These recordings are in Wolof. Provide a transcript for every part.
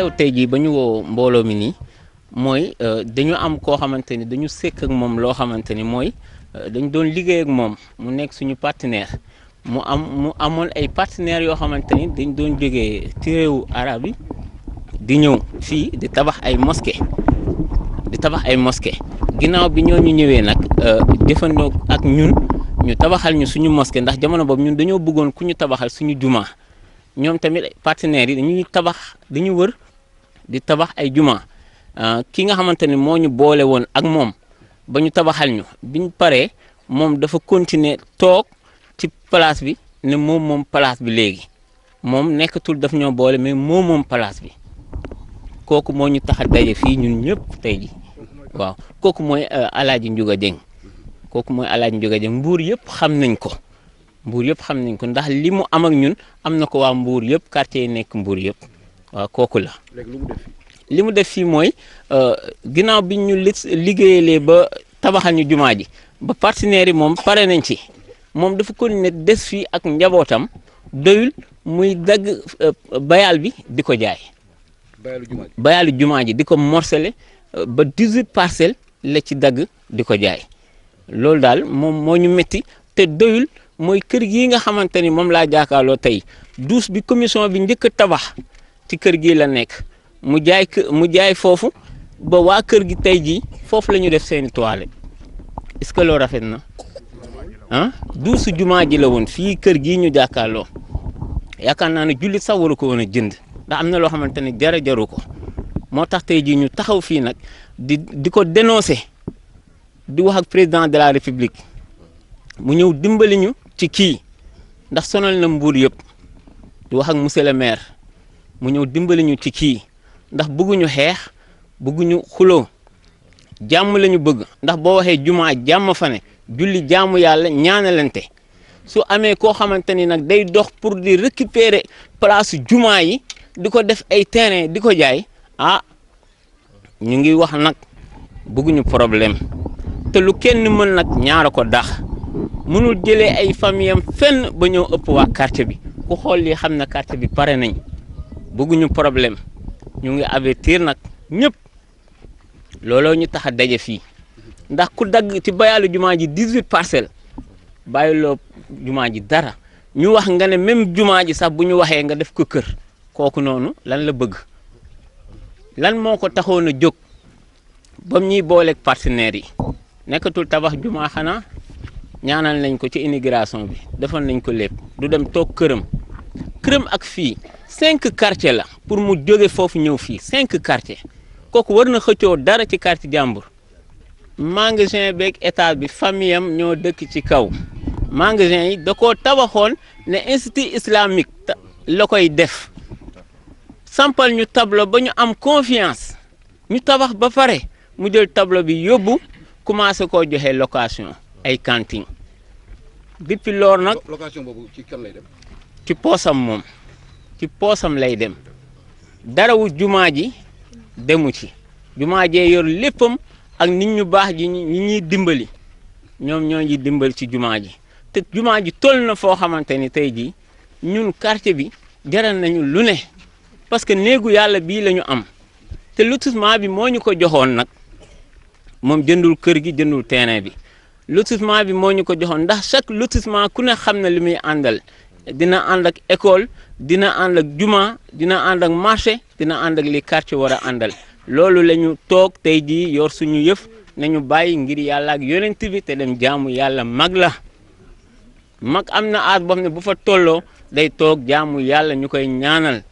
xew tey jii ba ñu woo mbooloo mi nii mooy euh, dañu am koo xamante ni dañu sekk ak moom loo xamante ni mooy euh, dañ doon liggéey ak moom mu nekk suñu partenaire mu am mu amoon ay partenaires yoo xamante ni dañ doon jógee ci réewu arab yi di ñëw fii di tabax ay mosquée di tabax ay mosquée ginnaaw bi ñu ñëwee nag euh, jëfandoo ak ñun ñu tabaxal ñu suñu mosquée ndax jamono boobu ñun dañoo bëggoon ku ñu tabaxal suñu jumaa ñoom tamit partenaires yi dañuy tabax dañu wër di tabax ay juma ah, ki nga xamante ne moo ñu boole woon ak moom ba ñu tabaxal ñu biñ paree moom dafa continuer toog ci place bi ne moom moom place bi léegi moom nekkatul daf ñoo boole mais moom moom place bi kooku moo ñu tax a daje fii ñun ñëpp tey ji waaw kooku mooy euh, alaaji Ndiouga Dieng kooku mooy alaaji Ndiouga Dieng mbuur yëpp xam nañ ko mbuur yëpp xam nañ ko ndax li mu am ak ñun am na ko waa mbuur yëpp quartier yi nekk mbuur yëpp waaw euh, kooku la. mu def fii. li mu def fii mooy euh, ginnaaw bi ñu liggéeyalee ba tabaxal ñu jumaa ji ba partenaires yi moom pare nañ ci moom dafa ko ne des fii ak njabootam doyul muy dagg euh, bayal bi di ko jaay. bayalu jumaa ji di ko morcelé ba 18 parcelles la ci dagg di ko jaay loolu daal moom moo ñu métti te doyul mooy kër gi nga xamante ni moom laa jaakaarloo tey douche bi commission bi njëkk a tabax. ci kër gi la nekk mu jaay mu jaay foofu ba waa kër gi tey jii foofu la ñu def seeni toilette est-ce rafet na ah jumaa ji la woon fii kër gii ñu jàkkaarloo yaakaar naa ne jullit sax waru ko woon a jënd ndax am na loo xamante ne jara jaru ko moo tax tey jii ñu taxaw fii nag di di ko dénoncer di wax ak président de la république mu ñëw dimbali ñu ci kii ndax sonal na mbuur yëpp di wax ak monsieur le maire. mu ñëw dimbali ñu ci kii ndax bëgguñu xeex bëgguñu xuloo jàmm lañu bëgg ndax boo waxee jumaa jàmm fa ne julli jàmm yàlla ñaanalante su amee koo xamante ni nag day dox pour di récupérer place jumaa yi di ko def ay terrain di ko jaay ah ñu ngi wax nag bëgguñu problème te lu kenn mën nag ñaara ko dax mënul jëlee ay famiyam fenn ba ñëw ëpp waa quartier bi ku xool lii xam na quartier bi pare nañ bëgguñu problème ñu ngi avertir nag ñëpp looloo ñu tax a daje fii ndax ku dagg ci bayaalu jumaa ji dix-huit parcelles bàyyiloo jumaa ji dara ñu wax nga ne même jumaa ji sax bu ñu waxee nga def ko kër kooku noonu lan la bëgg lan moo ko taxoon a jóg bam ñuy booleek partenaires yi nekkatul tabax jumaa xanaa ñaanal nañ ko ci immigration bi defal nañ ko lépp du dem toog këram këram ak fii cinq quartiers la pour mu jóge foofu ñëw fii cinq quartiers kooku war na xëccoo dara ci quartier jàmbur magasin beeg état bi famille ñoo dëkk ci kaw magasin yi da koo tabaxoon ne institut islamique la koy def sampal ñu tableau ba ñu am confiance ñu tabax ba pare mu jël tableau bi yóbbu commencé koo joxe location ay cantine depuis loolu nag location boobu ci kan ci poosam moom ci poosam lay dem darawu jumaa ji demu ci jumaa jee yor léppam ak nit ñu baax ji ñi ñuy dimbali ñoom ñoo ngi dimbali ci jumaa ji te jumaa ji toll na foo xamante ni tey jii ñun quartier bi jaral nañu lu ne parce que néegu yàlla bii la ñu am te lotissement bi moo ñu ko joxoon nag moom jëndul kër gi jëndul terrain bi lotissement bi moo ñu ko joxoon ndax chaque lotissement ku ne xam ne li muy àndal dina ànd ak école dina ànd ak juma dina ànd ak marché dina ànd ak li karti war a àndal loolu lañu toog tey jii yor suñu yëf nañu bàyyi ngir yàlla ak yonent bi te dem jaamu yàlla mag la mag am na aat boo ne bu fa tolloo day toog jaamu yàlla ñu koy ñaanal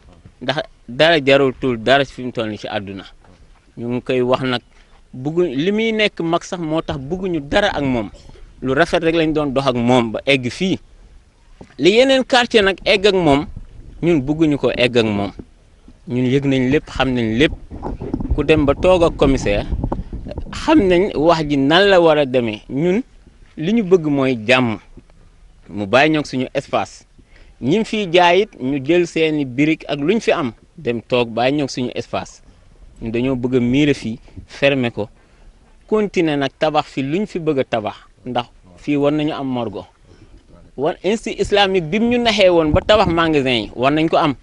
ndax dara jarutul dara fi mu toll ci àdduna ñu ngi koy wax nag bugguñ li muy nekk mag sax moo tax bugguñu dara ak moom lu rafet rek lañ doon dox ak moom ba egg fii li yeneen quartier nag egg ak moom. ñun bëgguñu ko egg ak moom ñun yëg nañ lépp xam nañ lépp ku dem ba toog ak commissaire xam nañ wax ji nan la war a demee ñun li ñu bëgg mooy jàmm mu bàyyi ñoog suñu espace ñi fiy jaayit ñu jël seeni birig ak lu ñu fi am dem toog bàyyi ñoog suñu espace ñu dañoo bëgg a miire fii fermer ko continuer nag tabax fi luñ fi bëgg a tabax ndax fii war nañu am morgo war insi islamique bi mu ñu naxee woon ba tabax magasin yi war nañ ko am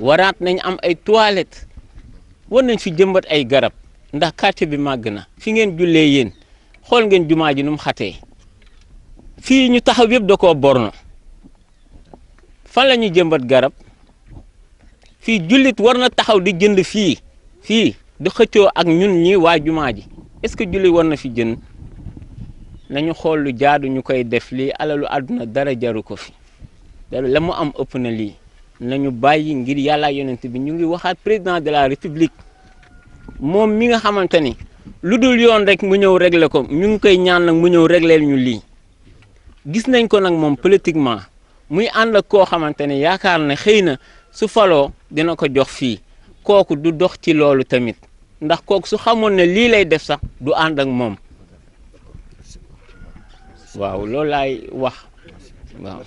waraat nañ am ay toilettes war nañ fi jëmbat ay garab ndax quartier bi màgg na fi ngeen jullee yéen xool ngeen jumaa ji nu mu xatee fii ñu taxaw yëpp da koo borno fan la ñuy jëmbat garab fii jullit war na taxaw di jënd fii fii di xëccoo ak ñun ñi waa jumaa ji est-ce que jullit war na fi jënd nañu xool lu jaadu ñu koy def lii alalu àdduna dara jaru ko fi la mu am ëpp na lii nañu bàyyi ngir yàlla yonent bi ñu ngi waxaat président de la république moom mi nga xamante ni lu dul yoon rek mu ñëw regle ko ñu ngi koy ñaan nag mu ñëw régler ñu lii gis nañ ko nag moom politiquement muy ànd ak koo xamante ne yaakaar na xëy na su faloo dina ko jox fii kooku du dox ci loolu tamit ndax kooku su xamoon ne lii lay def sax du ànd ak moom waaw loolu laay wax waaw